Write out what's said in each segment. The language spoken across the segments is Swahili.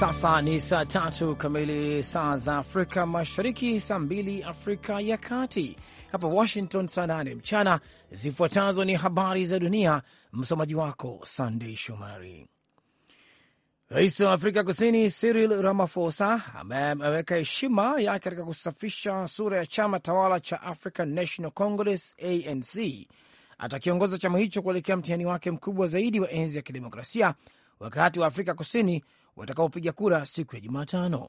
sasa ni saa tatu kamili saa za Afrika Mashariki, saa mbili Afrika ya Kati, hapa Washington saa nane mchana. Zifuatazo ni habari za dunia, msomaji wako Sandei Shomari. Rais wa Afrika Kusini Cyril Ramaphosa ambaye ameweka heshima yake katika kusafisha sura ya chama tawala cha African National Congress ANC atakiongoza chama hicho kuelekea mtihani wake mkubwa zaidi wa enzi ya kidemokrasia wakati wa Afrika Kusini watakaopiga kura siku ya Jumatano.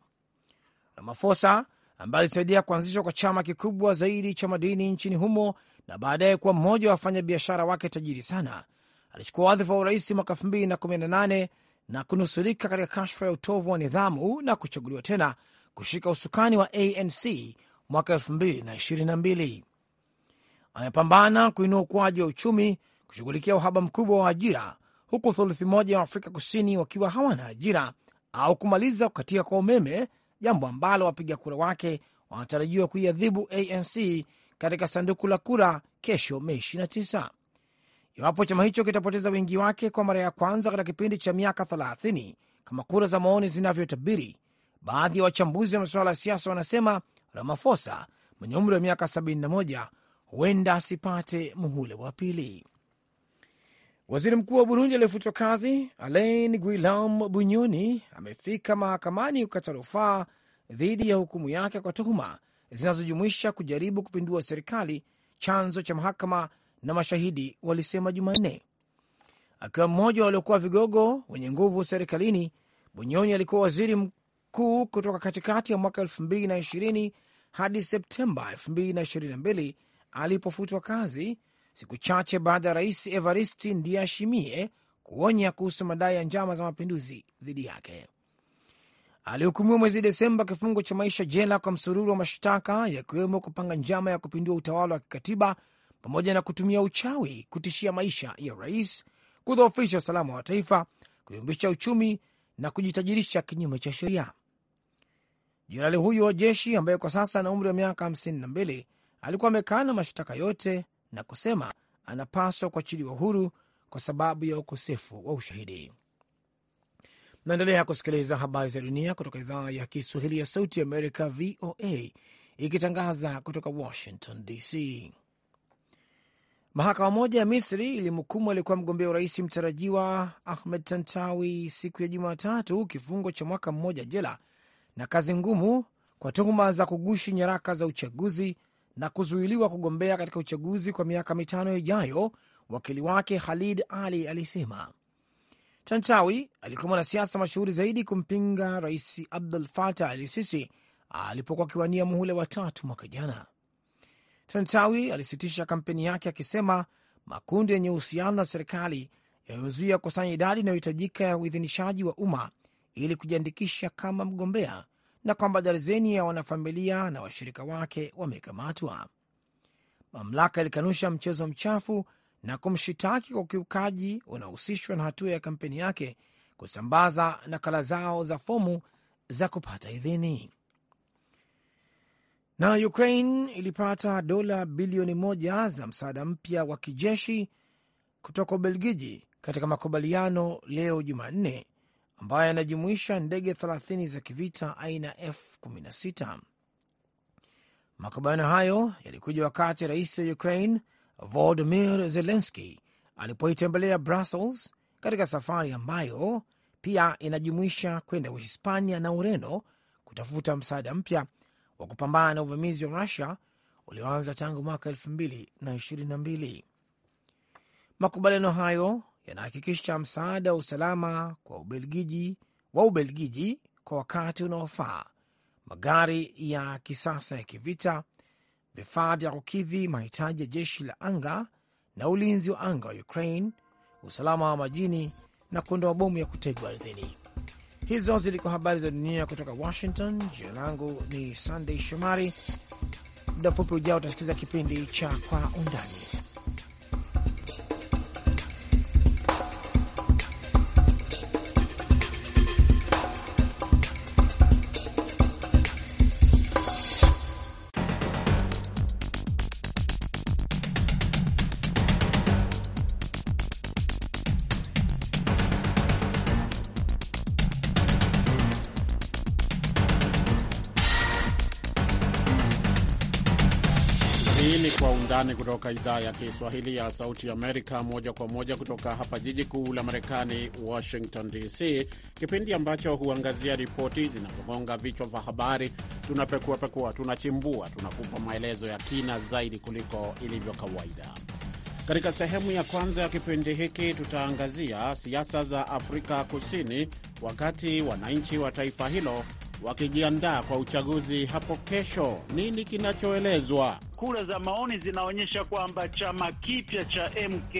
Ramafosa ambaye alisaidia kuanzishwa kwa chama kikubwa zaidi cha madini nchini humo na baadaye kuwa mmoja wa wafanyabiashara wake tajiri sana, alichukua wadhifa wa urais mwaka 2018 na kunusurika katika kashfa ya utovu wa nidhamu na kuchaguliwa tena kushika usukani wa ANC mwaka 2022. Amepambana kuinua ukuaji wa uchumi, kushughulikia uhaba mkubwa wa ajira, huku thuluthi moja wa Afrika Kusini wakiwa hawana ajira au kumaliza kukatika kwa umeme, jambo ambalo wapiga kura wake wanatarajiwa kuiadhibu ANC katika sanduku la kura kesho Mei 29. Iwapo chama hicho kitapoteza wingi wake kwa mara ya kwanza katika kipindi cha miaka 30 kama kura za maoni zinavyotabiri, baadhi ya wachambuzi wa masuala ya siasa wanasema ramafosa mwenye umri wa miaka 71 huenda asipate muhula wa pili. Waziri mkuu wa Burundi aliyefutwa kazi Alain Guillaume Bunyoni amefika mahakamani kukata rufaa dhidi ya hukumu yake kwa tuhuma zinazojumuisha kujaribu kupindua serikali, chanzo cha mahakama na mashahidi walisema Jumanne. Akiwa mmoja waliokuwa vigogo wenye nguvu serikalini, Bunyoni alikuwa waziri mkuu kutoka katikati ya mwaka 2020 hadi Septemba 2022 alipofutwa kazi siku chache baada ya rais Evaristi Ndiashimie kuonya kuhusu madai ya njama za mapinduzi dhidi yake. Alihukumiwa mwezi Desemba kifungo cha maisha jela kwa msururu wa mashtaka yakiwemo kupanga njama ya kupindua utawala wa kikatiba pamoja na kutumia uchawi kutishia maisha ya rais, kudhoofisha usalama wa taifa, kuyumbisha uchumi na kujitajirisha kinyume cha sheria. Jenerali huyo wa jeshi ambaye kwa sasa ana umri wa miaka 52 alikuwa amekana mashtaka yote na kusema anapaswa kuachiliwa huru kwa sababu ya ukosefu wa ushahidi. Naendelea kusikiliza habari za dunia kutoka idhaa ya Kiswahili ya Sauti Amerika, VOA, ikitangaza kutoka Washington DC. Mahakama moja ya Misri ilimhukumu aliyekuwa mgombea urais mtarajiwa Ahmed Tantawi siku ya Jumatatu kifungo cha mwaka mmoja jela na kazi ngumu kwa tuhuma za kugushi nyaraka za uchaguzi na kuzuiliwa kugombea katika uchaguzi kwa miaka mitano ijayo, wakili wake Khalid Ali alisema. Tantawi alikuwa mwanasiasa mashuhuri zaidi kumpinga Rais Abdul Fatah Al Sisi alipokuwa akiwania muhula wa tatu mwaka jana. Tantawi alisitisha kampeni yake akisema makundi yenye uhusiano na serikali yamezuia kukusanya idadi inayohitajika ya uidhinishaji wa umma ili kujiandikisha kama mgombea na kwamba darzeni ya wanafamilia na washirika wake wamekamatwa. Mamlaka ilikanusha mchezo mchafu na kumshitaki kwa ukiukaji unaohusishwa na hatua ya kampeni yake kusambaza nakala zao za fomu za kupata idhini. Na Ukraine ilipata dola bilioni moja za msaada mpya wa kijeshi kutoka Ubelgiji katika makubaliano leo Jumanne, ambayo yanajumuisha ndege 30 za kivita aina F16. Makubaliano hayo yalikuja wakati rais wa Ukraine Volodimir Zelenski alipoitembelea Brussels katika safari ambayo pia inajumuisha kwenda Uhispania na Ureno kutafuta msaada mpya wa kupambana na uvamizi wa Rusia ulioanza tangu mwaka 2022. Makubaliano hayo yanahakikisha msaada wa usalama kwa Ubelgiji, wa Ubelgiji kwa wakati unaofaa, magari ya kisasa ya kivita, vifaa vya kukidhi mahitaji ya jeshi la anga na ulinzi wa anga wa Ukraine, usalama wa majini na kuondoa bomu ya kutegwa ardhini. Hizo zilikuwa habari za dunia kutoka Washington. Jina langu ni Sandey Shomari. Muda mfupi ujao utasikiliza kipindi cha Kwa Undani. undani kutoka idhaa ya Kiswahili ya Sauti Amerika, moja kwa moja kutoka hapa jiji kuu la Marekani, Washington DC, kipindi ambacho huangazia ripoti zinazogonga vichwa vya habari. Tunapekuapekua, tunachimbua, tunakupa maelezo ya kina zaidi kuliko ilivyo kawaida. Katika sehemu ya kwanza ya kipindi hiki tutaangazia siasa za Afrika Kusini, wakati wananchi wa taifa hilo wakijiandaa kwa uchaguzi hapo kesho. Nini kinachoelezwa? Kura za maoni zinaonyesha kwamba chama kipya cha MK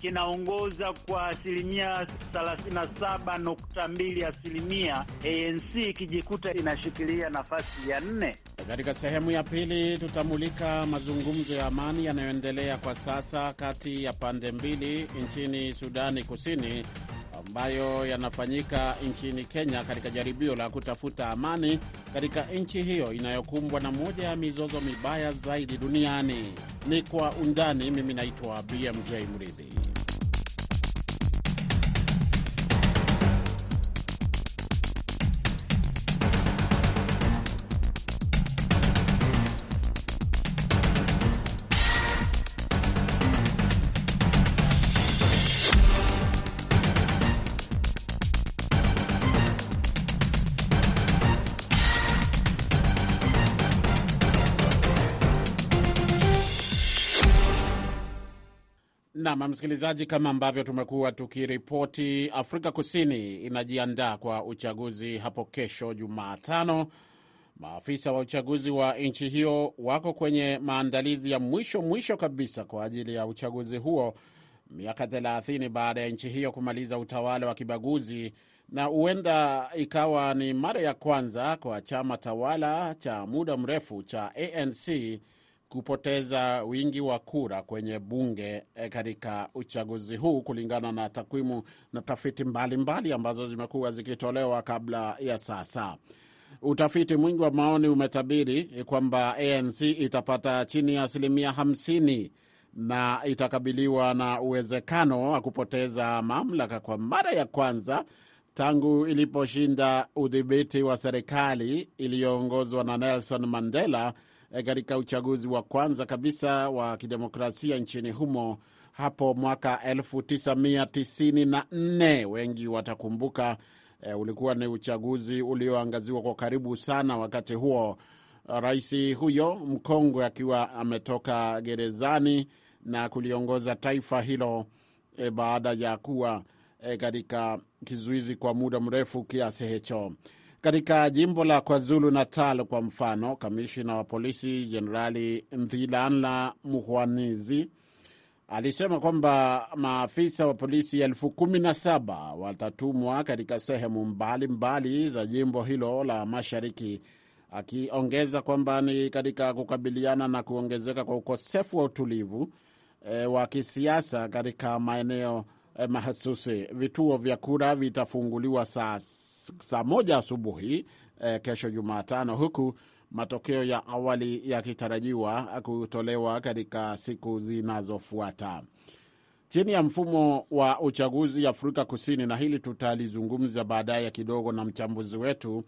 kinaongoza kwa asilimia 37.2 asilimia, ANC ikijikuta inashikilia nafasi ya nne. Katika sehemu ya pili tutamulika mazungumzo ya amani yanayoendelea kwa sasa kati ya pande mbili nchini Sudani Kusini ambayo yanafanyika nchini Kenya katika jaribio la kutafuta amani katika nchi hiyo inayokumbwa na moja ya mizozo mibaya zaidi duniani. Ni kwa undani. Mimi naitwa BMJ Mridhi. Nam msikilizaji, kama ambavyo tumekuwa tukiripoti, Afrika Kusini inajiandaa kwa uchaguzi hapo kesho Jumatano. Maafisa wa uchaguzi wa nchi hiyo wako kwenye maandalizi ya mwisho mwisho kabisa kwa ajili ya uchaguzi huo, miaka 30 baada ya nchi hiyo kumaliza utawala wa kibaguzi, na huenda ikawa ni mara ya kwanza kwa chama tawala cha muda mrefu cha ANC kupoteza wingi wa kura kwenye bunge eh, katika uchaguzi huu kulingana na takwimu na tafiti mbalimbali mbali ambazo zimekuwa zikitolewa kabla ya sasa. Utafiti mwingi wa maoni umetabiri eh, kwamba ANC itapata chini ya asilimia 50 na itakabiliwa na uwezekano wa kupoteza mamlaka kwa mara ya kwanza tangu iliposhinda udhibiti wa serikali iliyoongozwa na Nelson Mandela Eh, katika uchaguzi wa kwanza kabisa wa kidemokrasia nchini humo hapo mwaka 1994. Wengi watakumbuka e, ulikuwa ni uchaguzi ulioangaziwa kwa karibu sana wakati huo, rais huyo mkongwe akiwa ametoka gerezani na kuliongoza taifa hilo e, baada ya kuwa e, katika kizuizi kwa muda mrefu kiasi hicho. Katika jimbo la KwaZulu Natal kwa mfano, kamishina wa polisi Jenerali Ndhilanla Muhwanizi alisema kwamba maafisa wa polisi elfu kumi na saba watatumwa katika sehemu mbalimbali mbali za jimbo hilo la mashariki, akiongeza kwamba ni katika kukabiliana na kuongezeka kwa ukosefu wa utulivu e, wa kisiasa katika maeneo Eh, mahususi. Vituo vya kura vitafunguliwa saa, saa moja asubuhi eh, kesho Jumatano, huku matokeo ya awali yakitarajiwa kutolewa katika siku zinazofuata chini ya mfumo wa uchaguzi Afrika Kusini, na hili tutalizungumza baadaye kidogo na mchambuzi wetu.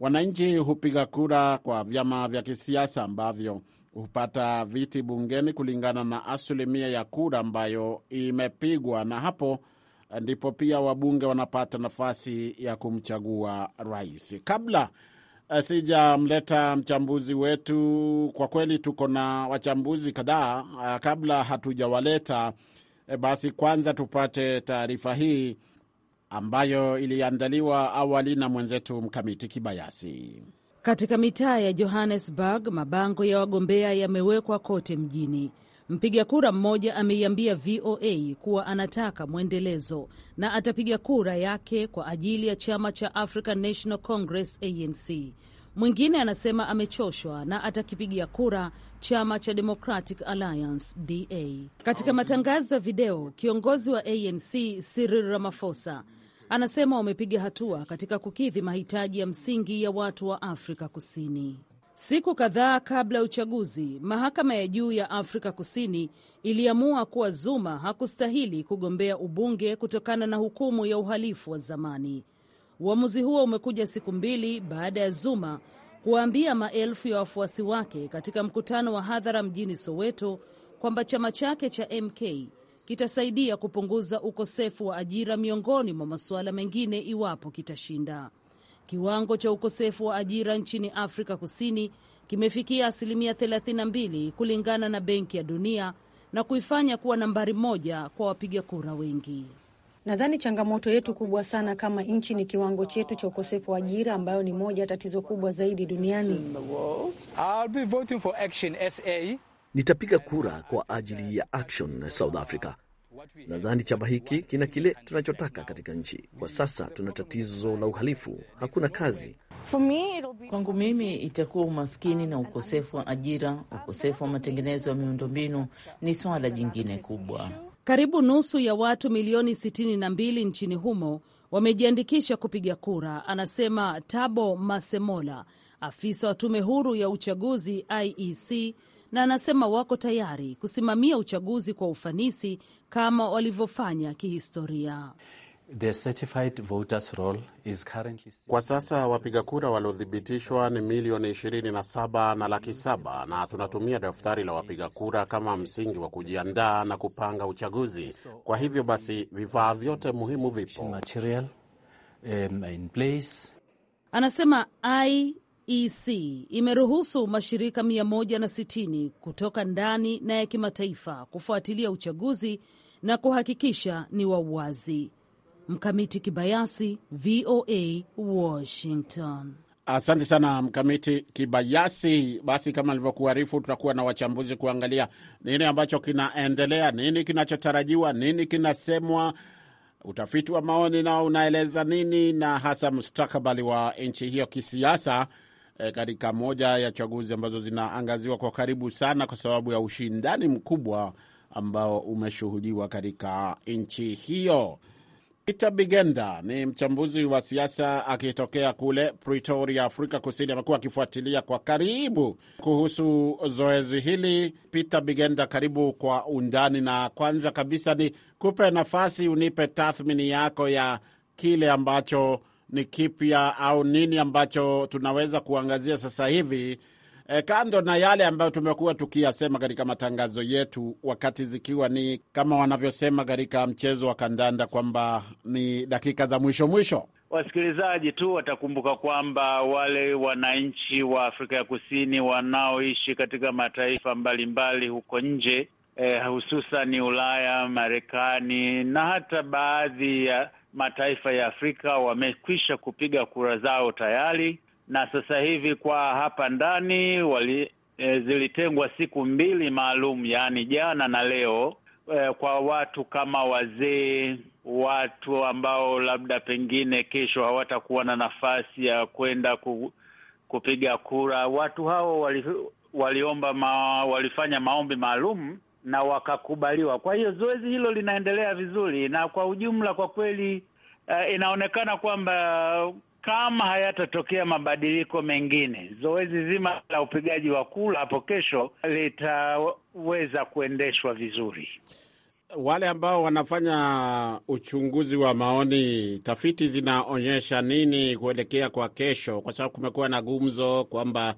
Wananchi hupiga kura kwa vyama vya kisiasa ambavyo hupata viti bungeni kulingana na asilimia ya kura ambayo imepigwa, na hapo ndipo pia wabunge wanapata nafasi ya kumchagua rais. Kabla eh, sijamleta mchambuzi wetu, kwa kweli tuko na wachambuzi kadhaa, eh, kabla hatujawaleta eh, basi kwanza tupate taarifa hii ambayo iliandaliwa awali na mwenzetu Mkamiti Kibayasi. Katika mitaa ya Johannesburg, mabango ya wagombea yamewekwa kote mjini. Mpiga kura mmoja ameiambia VOA kuwa anataka mwendelezo na atapiga kura yake kwa ajili ya chama cha African National Congress, ANC. Mwingine anasema amechoshwa na atakipigia kura chama cha Democratic Alliance, DA. Katika matangazo ya video, kiongozi wa ANC Cyril Ramaphosa anasema wamepiga hatua katika kukidhi mahitaji ya msingi ya watu wa Afrika Kusini. Siku kadhaa kabla ya uchaguzi, mahakama ya juu ya Afrika Kusini iliamua kuwa Zuma hakustahili kugombea ubunge kutokana na hukumu ya uhalifu wa zamani. Uamuzi huo umekuja siku mbili baada ya Zuma kuwaambia maelfu ya wafuasi wake katika mkutano wa hadhara mjini Soweto kwamba chama chake cha MK kitasaidia kupunguza ukosefu wa ajira miongoni mwa masuala mengine iwapo kitashinda. Kiwango cha ukosefu wa ajira nchini Afrika Kusini kimefikia asilimia 32 kulingana na Benki ya Dunia na kuifanya kuwa nambari moja kwa wapiga kura wengi. Nadhani changamoto yetu kubwa sana kama nchi ni kiwango chetu cha ukosefu wa ajira, ambayo ni moja ya tatizo kubwa zaidi duniani. I'll be voting for Action SA Nitapiga kura kwa ajili ya Action South Africa. Nadhani chama hiki kina kile tunachotaka katika nchi. Kwa sasa tuna tatizo la uhalifu, hakuna kazi. Kwangu mimi itakuwa umaskini na ukosefu wa ajira. Ukosefu wa matengenezo ya miundombinu ni swala jingine kubwa. Karibu nusu ya watu milioni 62 nchini humo wamejiandikisha kupiga kura, anasema tabo Masemola, afisa wa tume huru ya uchaguzi IEC na anasema wako tayari kusimamia uchaguzi kwa ufanisi kama walivyofanya kihistoria. The certified voters roll is currently... Kwa sasa wapiga kura waliothibitishwa ni milioni 27 na laki 7 na tunatumia daftari la wapiga kura kama msingi wa kujiandaa na kupanga uchaguzi. Kwa hivyo basi vifaa vyote muhimu vipo. Um, anasema EC imeruhusu mashirika 160 kutoka ndani na ya kimataifa kufuatilia uchaguzi na kuhakikisha ni wa uwazi. Mkamiti Kibayasi, VOA, Washington. Asante sana Mkamiti Kibayasi. Basi kama nilivyokuarifu, tutakuwa na wachambuzi kuangalia nini ambacho kinaendelea, nini kinachotarajiwa, nini kinasemwa, utafiti wa maoni nao unaeleza nini, na hasa mustakabali wa nchi hiyo kisiasa. Eh, katika moja ya chaguzi ambazo zinaangaziwa kwa karibu sana kwa sababu ya ushindani mkubwa ambao umeshuhudiwa katika nchi hiyo. Peter Bigenda ni mchambuzi wa siasa akitokea kule Pretoria, Afrika Kusini. Amekuwa akifuatilia kwa karibu kuhusu zoezi hili. Peter Bigenda, karibu kwa undani, na kwanza kabisa ni kupe nafasi unipe tathmini yako ya kile ambacho ni kipya au nini ambacho tunaweza kuangazia sasa hivi e, kando na yale ambayo tumekuwa tukiyasema katika matangazo yetu, wakati zikiwa ni kama wanavyosema katika mchezo wa kandanda kwamba ni dakika za mwisho mwisho. Wasikilizaji tu watakumbuka kwamba wale wananchi wa Afrika ya Kusini wanaoishi katika mataifa mbalimbali mbali huko nje eh, hususan Ulaya, Marekani na hata baadhi ya mataifa ya Afrika wamekwisha kupiga kura zao tayari, na sasa hivi kwa hapa ndani wali, eh, zilitengwa siku mbili maalum, yaani jana na leo eh, kwa watu kama wazee, watu ambao labda pengine kesho hawatakuwa na nafasi ya kwenda ku, kupiga kura. Watu hao wali, waliomba ma, walifanya maombi maalum na wakakubaliwa. Kwa hiyo zoezi hilo linaendelea vizuri, na kwa ujumla, kwa kweli uh, inaonekana kwamba kama hayatatokea mabadiliko mengine, zoezi zima la upigaji wa kura hapo kesho litaweza kuendeshwa vizuri. Wale ambao wanafanya uchunguzi wa maoni, tafiti zinaonyesha nini kuelekea kwa kesho? Kwa sababu kumekuwa na gumzo kwamba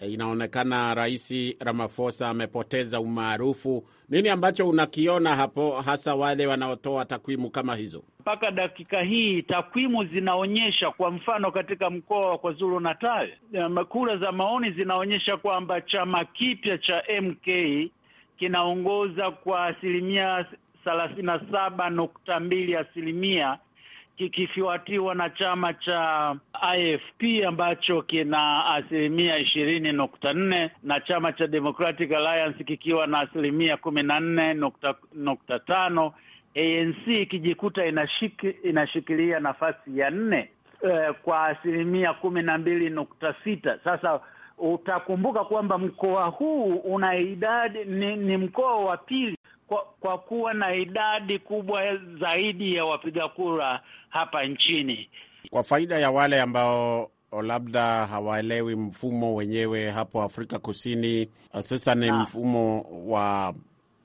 Eh, inaonekana Rais Ramaphosa amepoteza umaarufu. Nini ambacho unakiona hapo, hasa wale wanaotoa takwimu kama hizo? Mpaka dakika hii takwimu zinaonyesha, kwa mfano, katika mkoa wa KwaZulu Natal eh, kura za maoni zinaonyesha kwamba chama kipya cha MK kinaongoza kwa asilimia thelathini na saba nukta mbili asilimia kikifuatiwa na chama cha IFP ambacho kina asilimia ishirini nukta nne na chama cha Democratic Alliance kikiwa na asilimia kumi na nne nukta nukta tano ANC ikijikuta inashiki, inashikilia nafasi ya nne eh, kwa asilimia kumi na mbili nukta sita. Sasa utakumbuka kwamba mkoa huu una idadi ni, ni mkoa wa pili kwa, kwa kuwa na idadi kubwa zaidi ya wapiga kura hapa nchini, kwa faida ya wale ambao labda hawaelewi mfumo wenyewe hapo Afrika Kusini, sasa ni ah. mfumo wa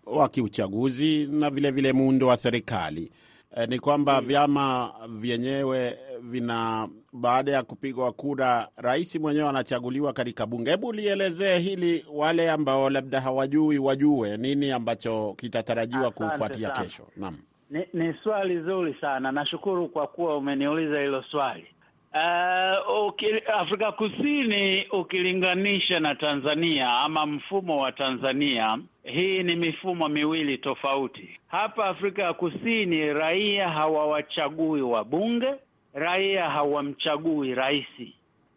wa kiuchaguzi na vilevile muundo wa serikali eh, ni kwamba vyama vyenyewe vina baada ya kupigwa kura, rais mwenyewe anachaguliwa katika bunge. Hebu lielezee hili wale ambao labda hawajui wajue nini ambacho kitatarajiwa kufuatia kesho. Naam. Ni, ni swali zuri sana, nashukuru kwa kuwa umeniuliza hilo swali. Uh, ukili, Afrika Kusini ukilinganisha na Tanzania ama mfumo wa Tanzania, hii ni mifumo miwili tofauti. Hapa Afrika ya Kusini raia hawawachagui wabunge, raia hawamchagui rais.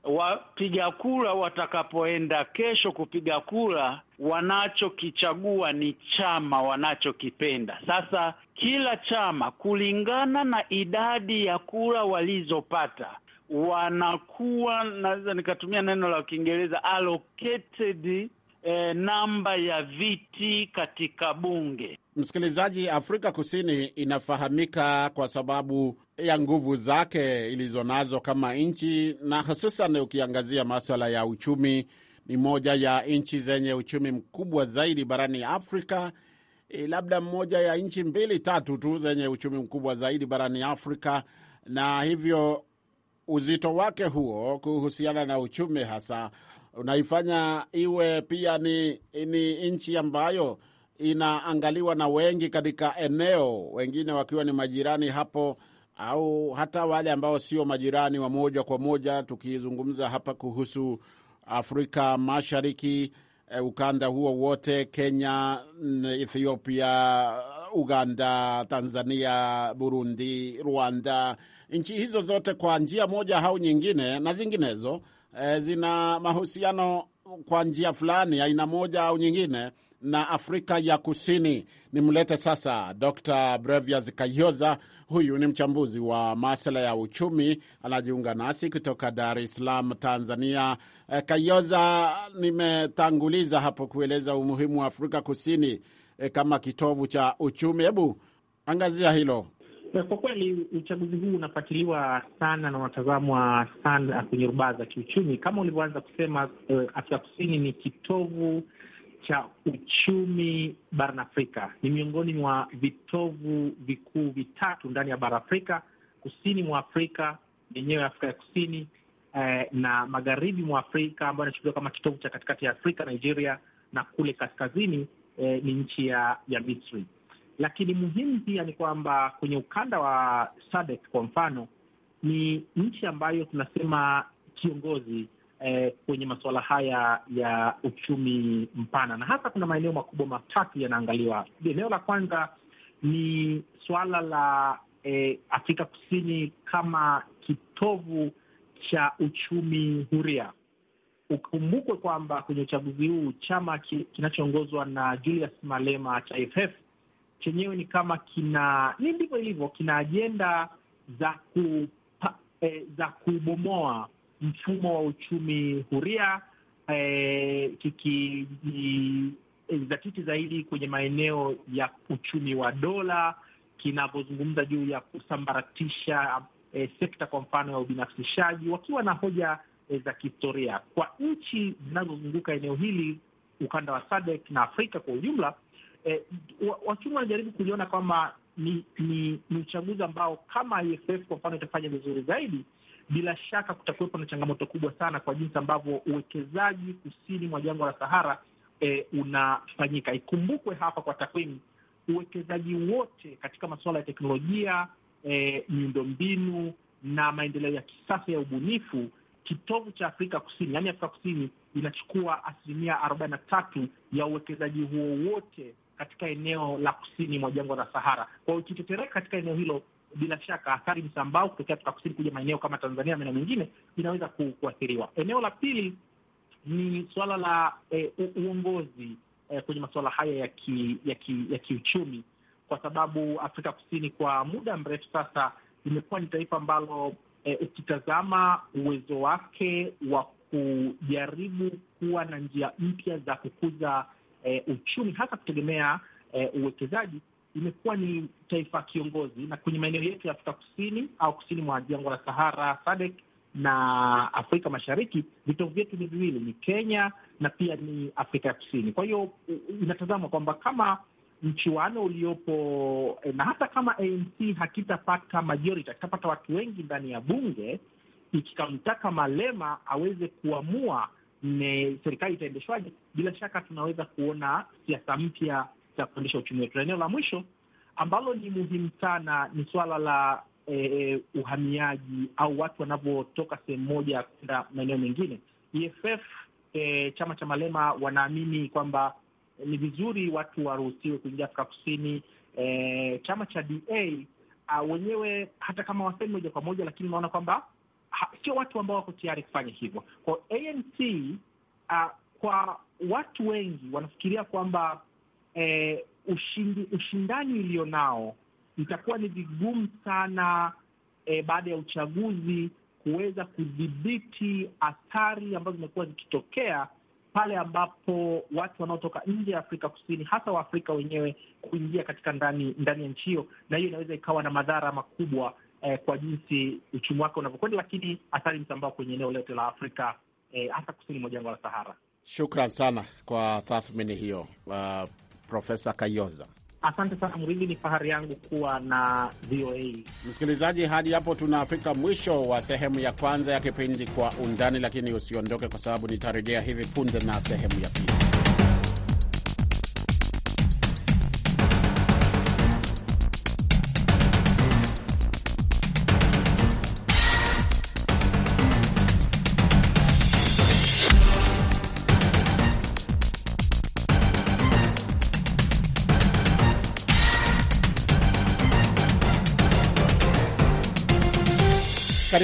Wapiga kura watakapoenda kesho kupiga kura, wanachokichagua ni chama wanachokipenda. Sasa kila chama kulingana na idadi ya kura walizopata wanakuwa, naweza nikatumia neno la Kiingereza allocated e, namba ya viti katika bunge. Msikilizaji, Afrika Kusini inafahamika kwa sababu ya nguvu zake ilizonazo kama nchi, na hususan ukiangazia maswala ya uchumi, ni moja ya nchi zenye uchumi mkubwa zaidi barani Afrika. E, labda mmoja ya nchi mbili tatu tu zenye uchumi mkubwa zaidi barani Afrika, na hivyo uzito wake huo kuhusiana na uchumi hasa unaifanya iwe pia ni, ni nchi ambayo inaangaliwa na wengi katika eneo, wengine wakiwa ni majirani hapo au hata wale ambao sio majirani wa moja kwa moja. Tukizungumza hapa kuhusu Afrika Mashariki, eh, ukanda huo wote, Kenya, Ethiopia Uganda, Tanzania, Burundi, Rwanda, nchi hizo zote kwa njia moja au nyingine na zinginezo e, zina mahusiano kwa njia fulani aina moja au nyingine na Afrika ya Kusini. Nimlete sasa Dr. Brevias Kayoza. Huyu ni mchambuzi wa masuala ya uchumi, anajiunga nasi kutoka Dar es Salaam, Tanzania. Eh, Kayoza, nimetanguliza hapo kueleza umuhimu wa Afrika Kusini e, kama kitovu cha uchumi. Hebu angazia hilo. Kwa kweli uchaguzi huu unafuatiliwa sana na unatazamwa sana kwenye rubaa za kiuchumi. Kama ulivyoanza kusema, uh, Afrika Kusini ni kitovu cha uchumi barani Afrika, ni miongoni mwa vitovu vikuu vitatu ndani ya bara Afrika, kusini mwa Afrika yenyewe Afrika ya Kusini, eh, na magharibi mwa Afrika ambayo inachukuliwa kama kitovu cha katikati ya Afrika, Nigeria, na kule kaskazini e, ni nchi ya ya Misri. Lakini muhimu pia ni kwamba kwenye ukanda wa SADC kwa mfano ni nchi ambayo tunasema kiongozi eh, kwenye masuala haya ya uchumi mpana, na hasa kuna maeneo makubwa matatu yanaangaliwa. Eneo la kwanza ni suala la eh, Afrika Kusini kama kitovu cha uchumi huria Ukumbukwe kwamba kwenye uchaguzi huu chama kinachoongozwa na Julius Malema cha FF chenyewe ni kama kina ni ndivyo ilivyo, kina ajenda za ku, eh, za kubomoa mfumo wa uchumi huria eh, kikijizatiti eh, zaidi kwenye maeneo ya uchumi wa dola kinavyozungumza juu ya kusambaratisha eh, sekta kwa mfano ya ubinafsishaji, wakiwa na hoja Eh, za kihistoria kwa nchi zinazozunguka eneo hili, ukanda wa SADC na Afrika kwa ujumla. E, wachumi wanajaribu kuliona kwamba ni ni ni uchaguzi ambao kama IFF kwa mfano itafanya vizuri zaidi, bila shaka kutakuwepo na changamoto kubwa sana kwa jinsi ambavyo uwekezaji kusini mwa jangwa la Sahara e, unafanyika. Ikumbukwe hapa kwa takwimu, uwekezaji wote katika masuala ya teknolojia, miundombinu e, na maendeleo ya kisasa ya ubunifu kitovu cha Afrika Kusini, yaani Afrika Kusini inachukua asilimia arobaini na tatu ya uwekezaji huo wote katika eneo la kusini mwa jangwa la Sahara. Kwa hiyo ikitetereka katika eneo hilo, bila shaka athari msambao kutokea Afrika Kusini kuja maeneo kama Tanzania, maeneo mengine inaweza ku, kuathiriwa. Eneo la pili ni suala la eh, uongozi eh, kwenye masuala haya ya ki, ya, ki, ya kiuchumi, kwa sababu Afrika Kusini kwa muda mrefu sasa imekuwa ni taifa ambalo e, ukitazama uwezo wake wa kujaribu kuwa na njia mpya za kukuza e, uchumi hasa kutegemea e, uwekezaji imekuwa ni taifa kiongozi, na kwenye maeneo yetu ya Afrika Kusini au kusini mwa jangwa la Sahara, sadek na Afrika Mashariki, vitovu vyetu ni viwili, ni Kenya na pia ni Afrika ya Kusini. Kwa hiyo inatazama kwamba kama mchiwano uliopo eh, na hata kama ANC hakitapata majority, hakitapata watu wengi ndani ya bunge, ikikamtaka Malema aweze kuamua serikali itaendeshwaje, bila shaka tunaweza kuona siasa mpya za kuendesha uchumi wetu. Na eneo la mwisho ambalo ni muhimu sana ni suala la eh, eh, uhamiaji au watu wanavyotoka sehemu moja kwenda maeneo mengine. EFF eh, chama cha Malema wanaamini kwamba Eh, ni vizuri watu waruhusiwe kuingia Afrika Kusini. E, chama cha DA a, ah, wenyewe hata kama wasemi moja kwa moja, lakini unaona kwamba sio watu ambao wako tayari kufanya hivyo. Kwa ANC a, ah, kwa watu wengi wanafikiria kwamba e, ushindi, ushindani ulionao itakuwa ni vigumu sana e, baada ya uchaguzi kuweza kudhibiti athari ambazo zimekuwa zikitokea pale ambapo watu wanaotoka nje ya Afrika Kusini, hasa Waafrika wenyewe, kuingia katika ndani ndani ya nchi hiyo, na hiyo inaweza ikawa na madhara makubwa eh, kwa jinsi uchumi wake unavyokwenda, lakini athari msambao kwenye eneo lote la Afrika eh, hasa kusini mwa jangwa la Sahara. Shukran sana kwa tathmini hiyo, uh, Profesa Kayoza. Asante sana Mridhi, ni fahari yangu kuwa na VOA. Msikilizaji, hadi hapo tunafika mwisho wa sehemu ya kwanza ya kipindi Kwa Undani, lakini usiondoke, kwa sababu nitarejea hivi punde na sehemu ya pili.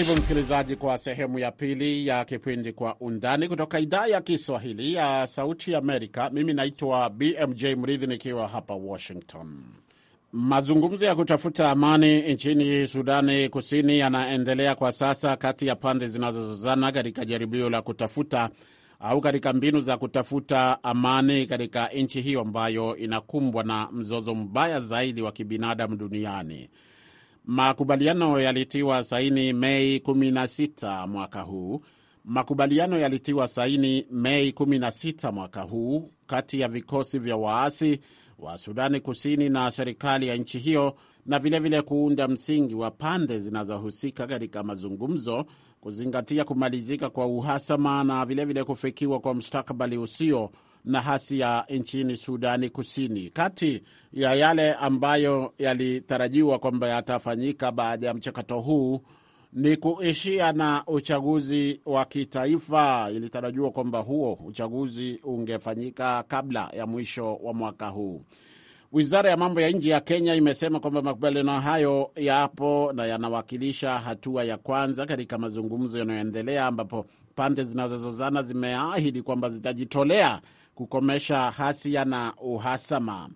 Karibu msikilizaji kwa sehemu ya pili ya kipindi Kwa Undani kutoka idhaa ya Kiswahili ya Sauti Amerika. Mimi naitwa BMJ Mridhi nikiwa hapa Washington. Mazungumzo ya kutafuta amani nchini Sudani Kusini yanaendelea kwa sasa kati ya pande zinazozozana katika jaribio la kutafuta au katika mbinu za kutafuta amani katika nchi hiyo ambayo inakumbwa na mzozo mbaya zaidi wa kibinadamu duniani. Makubaliano yalitiwa saini Mei 16 mwaka huu makubaliano yalitiwa saini Mei 16 mwaka huu kati ya vikosi vya waasi wa Sudani Kusini na serikali ya nchi hiyo na vilevile vile kuunda msingi wa pande zinazohusika katika mazungumzo kuzingatia kumalizika kwa uhasama na vilevile vile kufikiwa kwa mustakabali usio na hasia nchini Sudani Kusini. Kati ya yale ambayo yalitarajiwa kwamba yatafanyika baada ya mchakato huu ni kuishia na uchaguzi wa kitaifa. Ilitarajiwa kwamba huo uchaguzi ungefanyika kabla ya mwisho wa mwaka huu. Wizara ya mambo ya nje ya Kenya imesema kwamba makubaliano hayo yapo na yanawakilisha hatua ya kwanza katika mazungumzo yanayoendelea, ambapo pande zinazozozana zimeahidi kwamba zitajitolea kukomesha hasia na uhasama,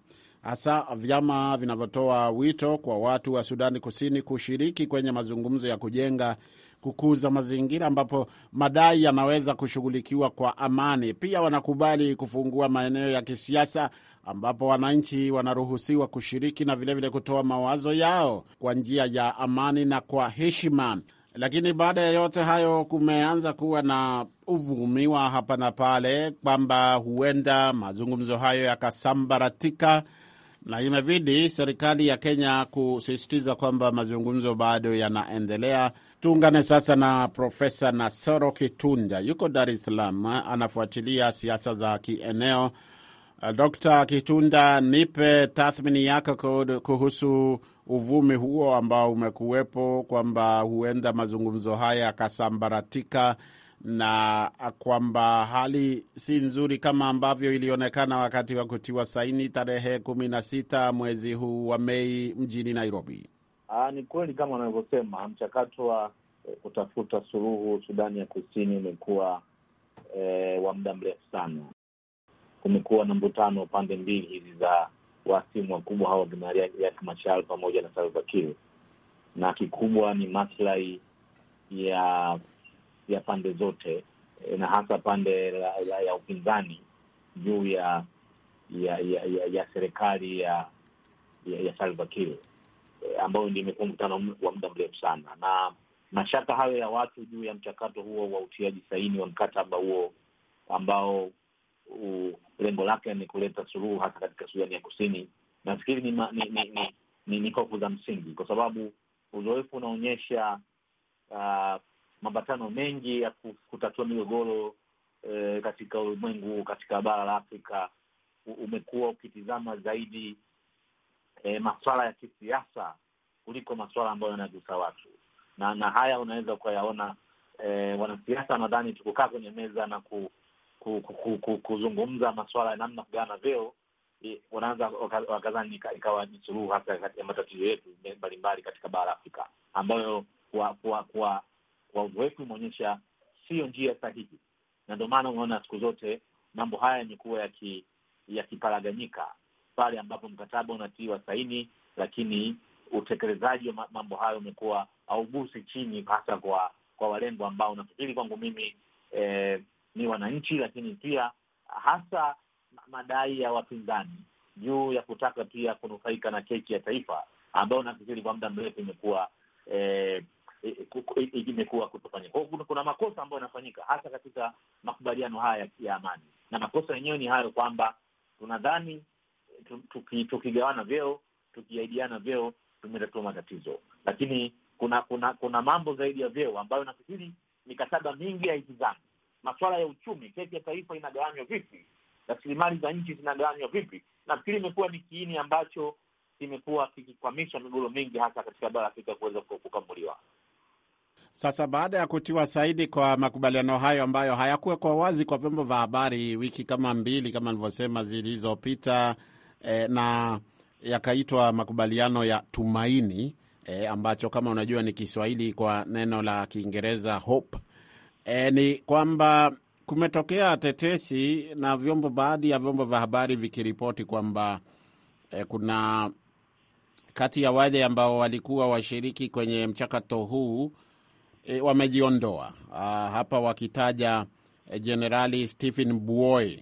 hasa vyama vinavyotoa wito kwa watu wa Sudani Kusini kushiriki kwenye mazungumzo ya kujenga kukuza mazingira ambapo madai yanaweza kushughulikiwa kwa amani. Pia wanakubali kufungua maeneo ya kisiasa ambapo wananchi wanaruhusiwa kushiriki na vilevile kutoa mawazo yao kwa njia ya amani na kwa heshima. Lakini baada ya yote hayo, kumeanza kuwa na uvumiwa hapa na pale kwamba huenda mazungumzo hayo yakasambaratika, na imebidi serikali ya Kenya kusisitiza kwamba mazungumzo bado yanaendelea. Tuungane sasa na Profesa Nasoro Kitunda, yuko Dar es Salaam, anafuatilia siasa za kieneo Uh, Dkt. Kitunda, nipe tathmini yako kuhusu uvumi huo ambao umekuwepo kwamba huenda mazungumzo haya yakasambaratika na kwamba hali si nzuri kama ambavyo ilionekana wakati wa kutiwa saini tarehe kumi na sita mwezi huu wa Mei mjini Nairobi. Aa, ah, ni kweli kama wanavyosema, mchakato wa e, kutafuta suluhu Sudani ya Kusini umekuwa e, wa muda mrefu sana kumekuwa na mvutano pande mbili hizi za wasimu wakubwa hawa kina Riek Machar pamoja na Salva Kiir, na kikubwa ni maslahi ya ya pande zote e, na hasa pande la, la ya upinzani juu ya ya ya, ya, ya serikali ya ya, ya Salva Kiir e, ambayo ndio imekuwa mkutano wa muda mrefu sana, na mashaka hayo ya watu juu ya mchakato huo wa utiaji saini wa mkataba huo ambao lengo lake ni kuleta suluhu hasa katika Sudani ya Kusini. Nafikiri ni, ni, ni, ni, ni, ni kofu za msingi, kwa sababu uzoefu unaonyesha uh, mapatano mengi ya kutatua migogoro eh, katika ulimwengu, katika bara la Afrika umekuwa ukitizama zaidi eh, maswala ya kisiasa kuliko masuala ambayo yanagusa watu na na haya unaweza ukayaona eh, wanasiasa nadhani tukukaa kwenye meza na ku, kuzungumza masuala ya namna kugawana vyeo wanaanza wakazani ikawa ni suluhu hasa ya matatizo yetu mbalimbali katika bara Afrika, ambayo kwa uzoefu imeonyesha siyo njia sahihi, na ndio maana umeona siku zote mambo haya yamekuwa yakiparaganyika pale ambapo mkataba unatiwa saini, lakini utekelezaji wa mambo hayo umekuwa augusi chini, hasa kwa kwa walengo ambao nafikiri kwangu mimi eh, ni wananchi, lakini pia hasa madai ya wapinzani juu ya kutaka pia kunufaika na keki ya taifa ambayo nafikiri kwa muda mrefu imekuwa eh, e, kutofanyika. Kuna, kuna makosa ambayo yanafanyika hasa katika makubaliano haya ya amani, na makosa yenyewe ni hayo kwamba tunadhani tukigawana tuki vyeo tukiaidiana vyeo tumetatua matatizo, lakini kuna kuna kuna mambo zaidi ya vyeo ambayo nafikiri mikataba mingi haitizami masuala ya uchumi, keki ya taifa inagawanywa vipi, rasilimali za nchi zinagawanywa vipi. Nafikiri imekuwa ni kiini ambacho kimekuwa kikikwamisha migogoro mingi, hasa katika bara Afrika kuweza kukamuliwa. Sasa baada ya kutiwa saidi kwa makubaliano hayo ambayo kwa wazi kwa vyombo vya habari wiki kama mbili kama nilivyosema zilizopita, eh, na yakaitwa makubaliano ya tumaini eh, ambacho kama unajua ni Kiswahili kwa neno la Kiingereza hope e, ni kwamba kumetokea tetesi na vyombo, baadhi ya vyombo vya habari vikiripoti kwamba e, kuna kati ya wale ambao walikuwa washiriki kwenye mchakato huu e, wamejiondoa hapa, wakitaja Jenerali e, Stephen Buoy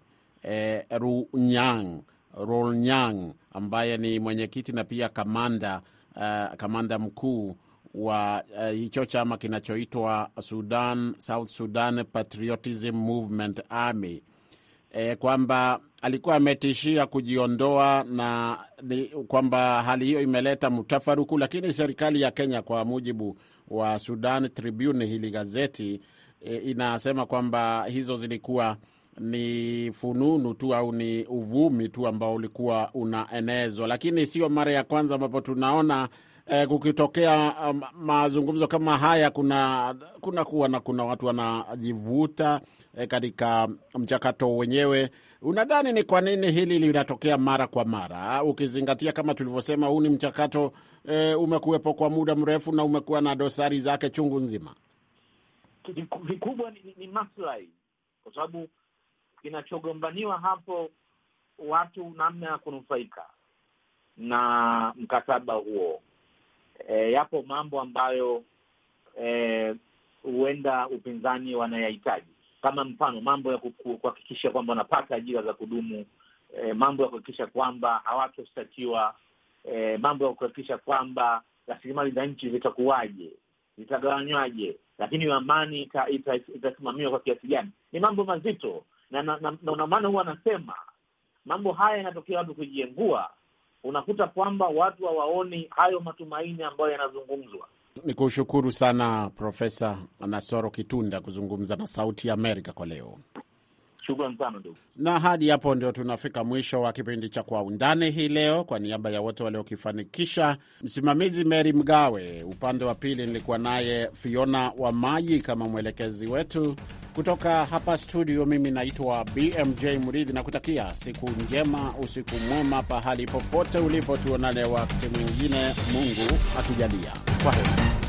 e, Runyang Rolnyang ambaye ni mwenyekiti na pia kamanda uh, kamanda mkuu wa uh, hicho chama kinachoitwa Sudan South Sudan Patriotism Movement Army e, kwamba alikuwa ametishia kujiondoa na ni, kwamba hali hiyo imeleta mtafaruku, lakini serikali ya Kenya kwa mujibu wa Sudan Tribune, hili gazeti e, inasema kwamba hizo zilikuwa ni fununu tu au ni uvumi tu ambao ulikuwa unaenezwa, lakini sio mara ya kwanza ambapo tunaona eh, kukitokea um, mazungumzo kama haya kuna kuna kuwa na kuna watu wanajivuta eh, katika mchakato wenyewe. Unadhani ni kwa nini hili linatokea mara kwa mara, ukizingatia kama tulivyosema, huu ni mchakato eh, umekuwepo kwa muda mrefu na umekuwa na dosari zake chungu nzima? Vikubwa ni, ni, ni maslahi, kwa sababu kinachogombaniwa hapo watu namna ya kunufaika na mkataba huo e, yapo mambo ambayo e, huenda e, upinzani wanayahitaji kama mfano mambo ya kuhakikisha kwamba wanapata ajira za kudumu e, mambo ya kuhakikisha kwamba hawatoshtakiwa e, mambo ya kuhakikisha kwamba rasilimali za nchi zitakuwaje, zitagawanywaje, lakini amani itasimamiwa kwa kiasi gani? Ni mambo mazito, na ndio maana huwa anasema mambo haya yanatokea watu kujiengua unakuta kwamba watu hawaoni hayo matumaini ambayo yanazungumzwa. Ni kushukuru sana Profesa Nasoro Kitunda kuzungumza na Sauti ya Amerika kwa leo sana ndugu. Na hadi hapo ndio tunafika mwisho wa kipindi cha Kwa Undani hii leo. Kwa niaba ya wote waliokifanikisha, msimamizi Meri Mgawe, upande wa pili nilikuwa naye Fiona wa Maji kama mwelekezi wetu kutoka hapa studio. Mimi naitwa BMJ Muridhi na kutakia siku njema, usiku mwema, pahali popote ulipo. Tuonane wakati mwingine, Mungu akijalia. Kwa heri.